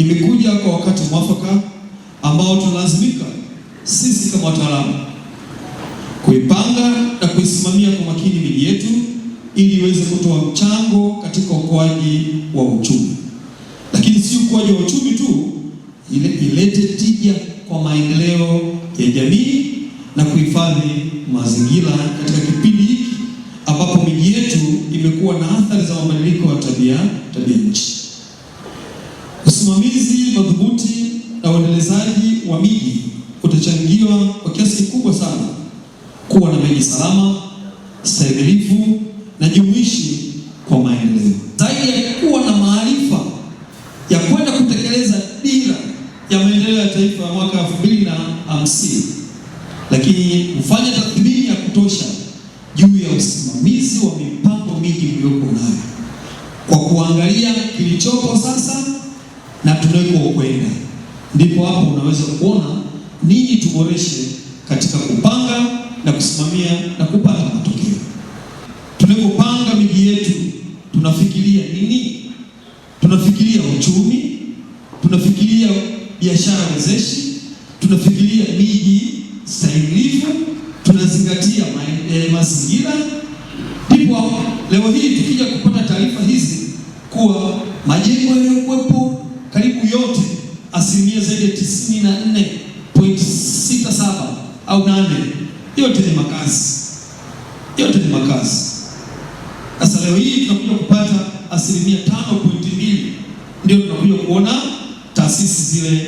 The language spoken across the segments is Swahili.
imekuja kwa wakati mwafaka ambao tunalazimika sisi kama wataalamu kuipanga na kuisimamia kwa makini miji yetu ili iweze kutoa mchango katika ukuaji wa uchumi, lakini si ukuaji wa uchumi tu, ile ilete tija kwa maendeleo ya jamii na kuhifadhi mazingira katika kipindi hiki ambapo miji yetu imekuwa na athari za mabadiliko zimechangiwa kwa kiasi kikubwa sana kuwa na maji salama, stahimilivu na jumuishi kwa maendeleo. Zaidi ya kuwa na maarifa ya kwenda kutekeleza dira ya maendeleo ya taifa ya mwaka hamsini, lakini kufanya tathmini ya kutosha juu ya usimamizi wa mipango mingi mliyoko nayo kwa kuangalia kilichopo sasa na kwenda ndipo hapo unaweza kuona ninyi tuboreshe katika kupanga na kusimamia na kupata matokeo. Tunapopanga miji yetu tunafikiria nini? Tunafikiria uchumi, tunafikiria biashara wezeshi, tunafikiria miji stahimilivu, tunazingatia e, mazingira. Ndipo leo hii tukija kupata taarifa hizi kuwa majengo yaliyokuwepo karibu yote asilimia zaidi ya tisini na nne au nane, yote ni makazi, yote ni makazi. Sasa leo hii tunakuja kupata asilimia tano pointi mbili ndio tunakuja kuona taasisi zile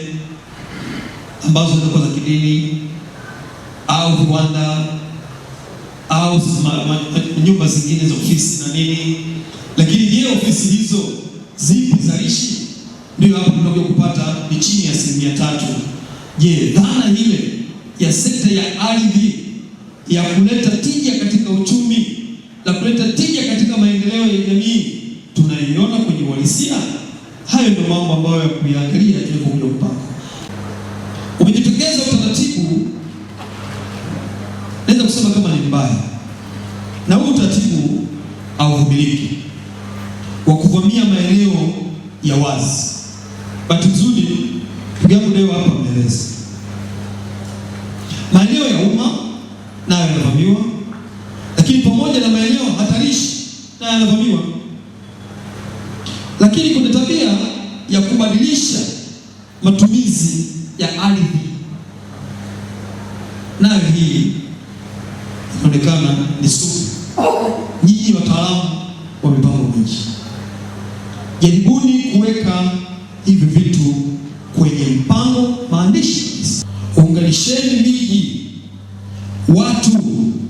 ambazo zinakuwa za kidini au viwanda au nyumba zingine za ofisi na nini, lakini je, ofisi hizo zipi zaishi? Ndio hapo tunakuja kupata ni chini ya asilimia tatu. Je, dhana ile ya sekta ya ardhi ya kuleta tija katika uchumi na kuleta tija katika maendeleo ya jamii tunaiona kwenye uhalisia. Hayo ndio mambo ambayo ya kuyaangalia tunapokuja mpaka Umejitokeza utaratibu, naweza kusema kama ni mbaya, na huu utaratibu hauvumiliki, wa kuvamia maeneo ya wazi. Bahati nzuri, ndugu yangu leo hapa mbelezi maeneo ya umma nayo yanavamiwa, lakini pamoja na maeneo hatarishi nayo yanavamiwa. Lakini kuna tabia ya kubadilisha matumizi ya ardhi, nayo hii inaonekana ni sugu. Nyinyi wataalamu wa mipango miji, jaribuni kuweka hivi vitu kwenye mpango maandishi, uunganisheni watu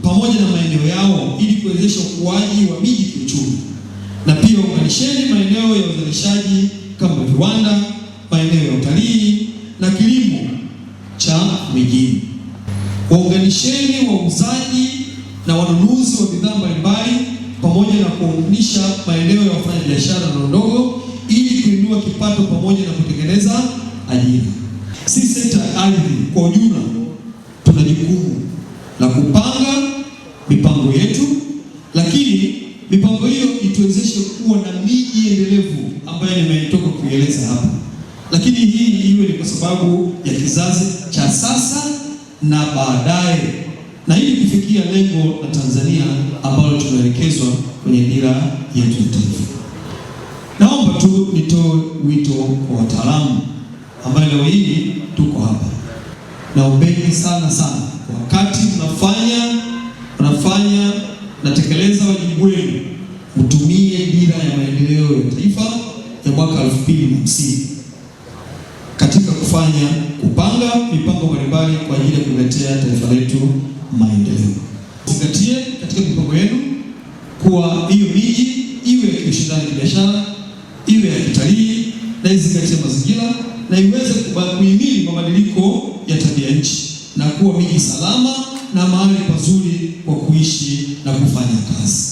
pamoja na maeneo yao ili kuwezesha ukuaji wa miji kiuchumi, na pia waunganisheni maeneo ya uzalishaji kama viwanda, maeneo ya utalii na kilimo cha mijini. Waunganisheni wauzaji na wanunuzi wa bidhaa mbalimbali pamoja na kuunganisha maeneo ya wafanyabiashara ndogo ili kuinua kipato pamoja na mipango yetu, lakini mipango hiyo ituwezeshe kuwa na miji endelevu ambayo nimetoka kuieleza hapa, lakini hii iwe ni kwa sababu ya kizazi cha sasa na baadaye, na ili kufikia lengo la Tanzania ambalo tunaelekezwa kwenye dira yetu ya taifa. Naomba tu nitoe wito kwa wataalamu ambayo leo hii tuko hapa, naombeni sana sana wakati mnatekeleza wajibu wenu, utumie dira ya maendeleo ya taifa ya mwaka 2050 katika kufanya kupanga mipango mbalimbali kwa ajili ya kuletea taifa letu maendeleo. Zingatie katika mipango yenu kuwa hiyo miji iwe ya kiushindani kibiashara, iwe ya kitalii na izingatie mazingira na iweze kuhimili mabadiliko ya tabia nchi na kuwa miji salama na mahali pazuri kwa kuishi na kufanya kazi.